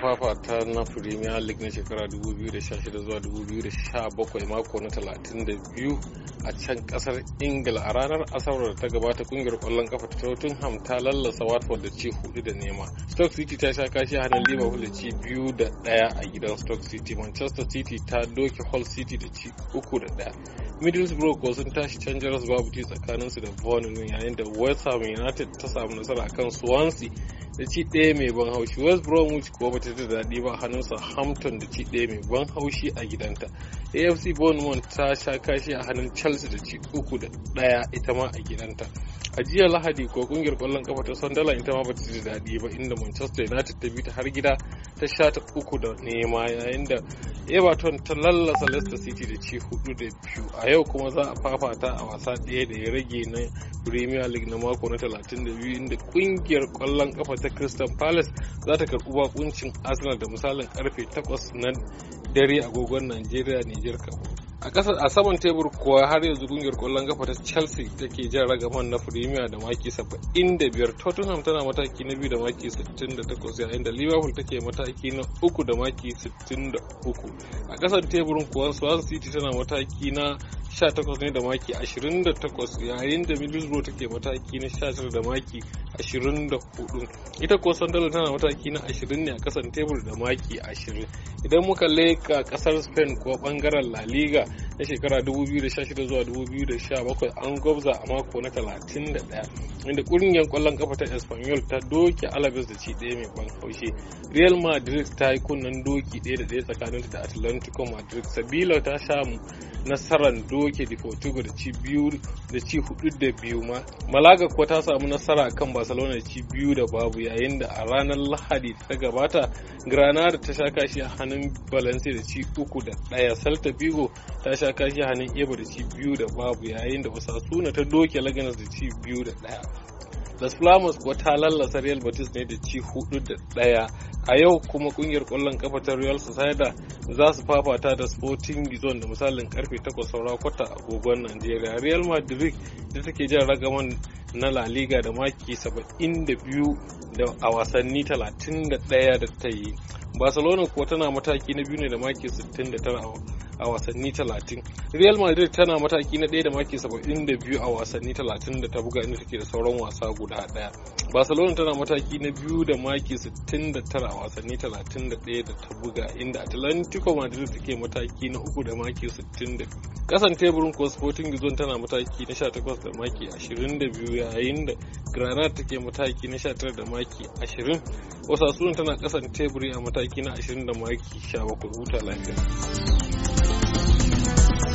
ta na premier league na shekara 2016 zuwa 2017 mako na 32 a can kasar ingila a ranar asabar da ta gabata kungiyar kwallon kafa ta ham ta lallasa watford da ci hudu da nema stoke city ta sha kashi a hannun liverpool da ci biyu da daya a gidan stoke city manchester city ta doke hull city da ci uku da daya middlesbrough ko sun tashi canjar jaras babu ci tsakaninsu da bournemouth yayin da west ham united ta samu nasara kan swansea da ci ɗaya mai ban haushi west bromwich kuwa bata da daɗi ba hannunsa hampton da ci ɗaya mai ban haushi a gidanta afc bournemouth ta sha kashi a hannun chelsea da ci uku da ɗaya ita ma a gidanta a jiya lahadi ko kungiyar kwallon kafa ta sandala ita ma bata ji daɗi ba inda manchester united ta bi ta har gida ta sha ta uku da nema yayin da everton ta lallasa leicester city da ci hudu da biyu a yau kuma za a fafata a wasa ɗaya da ya rage na premier league na mako na 32 inda kungiyar kwallon kafa ta crystal palace za ta karbi bakuncin arsenal da misalin karfe 8 na dare agogon nigeria niger kabo a kasar a saman tebur kuwa har yanzu kungiyar kwallon gafa ta chelsea take jan ragaman na premier da maki 75 tottenham tana mataki na biyu da maki 68 yayin da liverpool take mataki na uku da maki 63 a kasar teburin kuwa swan city tana mataki na 18 ne da maki 28 yayin da middlesbrough take mataki na 19 da maki 24 ita ko sandal tana mataki na 20 ne a kasan tebur da maki 20 idan muka leka kasar spain ko bangaren la liga na shekara 2016 zuwa 2017 an gwabza a mako na 31 inda kungiyar kwallon kafa ta espanyol ta doke alabes da ci ɗaya mai ban haushe real madrid ta yi kunnen doki ɗaya da ɗaya tsakaninta da atlantico madrid sabila ta samu nasarar doke da portugal da ci biyu da ci hudu da biyu ma malaga kuwa ta samu nasara kan barcelona da ci biyu da babu yayin da a ranar lahadi ta gabata granada ta sha kashi a hannun valencia da ci uku da daya celta vigo ta sha kashi a hannun eba da ci biyu da babu yayin da osasuna ta doke laganas da ci biyu da daya Las Palmas kuwa ta lallasa Real Betis ne da ci hudu da daya A yau kuma kungiyar kwallon kafa ta Real Sociedad za su fafata da Sporting Gizon da misalin karfe 8 saura kwata agogon Najeriya. Real Madrid da take jan ragaman na La Liga da maki 72 da a wasanni 31 da ta yi. Barcelona kuwa tana mataki na biyu ne da maki 69 a wasanni 30 real madrid tana mataki na ɗaya da maki 72 a wasanni 30 da ta buga inda take da sauran wasa guda daya barcelona tana mataki na biyu da maki 69 a wasanni 31 da ta buga inda atlantico madrid take mataki na uku da maki 60 kasan teburin ko sporting zone tana mataki na 18 da maki 22 yayin da granada take mataki na 19 da maki 20 osasuna tana kasan teburi a mataki na 20 da maki 17 huta lafiya あ!